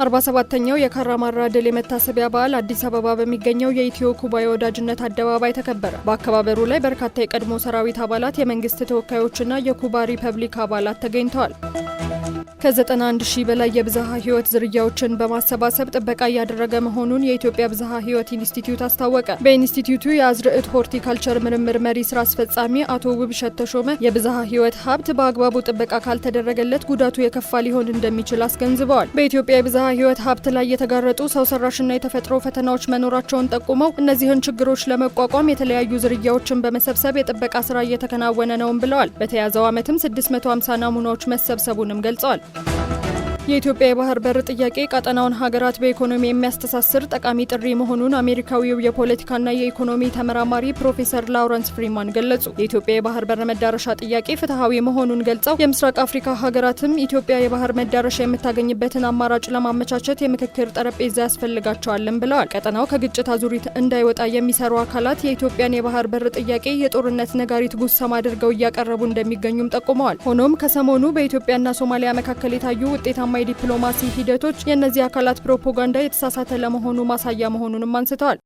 47ኛው የካራማራ ድል የመታሰቢያ በዓል አዲስ አበባ በሚገኘው የኢትዮ ኩባ የወዳጅነት አደባባይ ተከበረ። በአከባበሩ ላይ በርካታ የቀድሞ ሰራዊት አባላት፣ የመንግስት ተወካዮችና የኩባ ሪፐብሊክ አባላት ተገኝተዋል። ከ91 ሺህ በላይ የብዝሃ ህይወት ዝርያዎችን በማሰባሰብ ጥበቃ እያደረገ መሆኑን የኢትዮጵያ ብዝሃ ህይወት ኢንስቲትዩት አስታወቀ። በኢንስቲትዩቱ የአዝርዕት ሆርቲካልቸር ምርምር መሪ ስራ አስፈጻሚ አቶ ውብሸት ተሾመ የብዝሃ ህይወት ሀብት በአግባቡ ጥበቃ ካልተደረገለት ጉዳቱ የከፋ ሊሆን እንደሚችል አስገንዝበዋል። በኢትዮጵያ የብዝሃ ህይወት ሀብት ላይ የተጋረጡ ሰው ሰራሽና የተፈጥሮ ፈተናዎች መኖራቸውን ጠቁመው እነዚህን ችግሮች ለመቋቋም የተለያዩ ዝርያዎችን በመሰብሰብ የጥበቃ ስራ እየተከናወነ ነውም ብለዋል። በተያዘው ዓመትም 650 ናሙናዎች መሰብሰቡንም ገልጸዋል። የኢትዮጵያ የባህር በር ጥያቄ ቀጠናውን ሀገራት በኢኮኖሚ የሚያስተሳስር ጠቃሚ ጥሪ መሆኑን አሜሪካዊው የፖለቲካና የኢኮኖሚ ተመራማሪ ፕሮፌሰር ላውረንስ ፍሪማን ገለጹ። የኢትዮጵያ የባህር በር መዳረሻ ጥያቄ ፍትሐዊ መሆኑን ገልጸው የምስራቅ አፍሪካ ሀገራትም ኢትዮጵያ የባህር መዳረሻ የምታገኝበትን አማራጭ ለማመቻቸት የምክክር ጠረጴዛ ያስፈልጋቸዋልን ብለዋል። ቀጠናው ከግጭት አዙሪት እንዳይወጣ የሚሰሩ አካላት የኢትዮጵያን የባህር በር ጥያቄ የጦርነት ነጋሪት ጉሰማ አድርገው እያቀረቡ እንደሚገኙም ጠቁመዋል። ሆኖም ከሰሞኑ በኢትዮጵያና ሶማሊያ መካከል የታዩ ውጤታማ የሰላማዊ ዲፕሎማሲ ሂደቶች የእነዚህ አካላት ፕሮፓጋንዳ የተሳሳተ ለመሆኑ ማሳያ መሆኑንም አንስተዋል።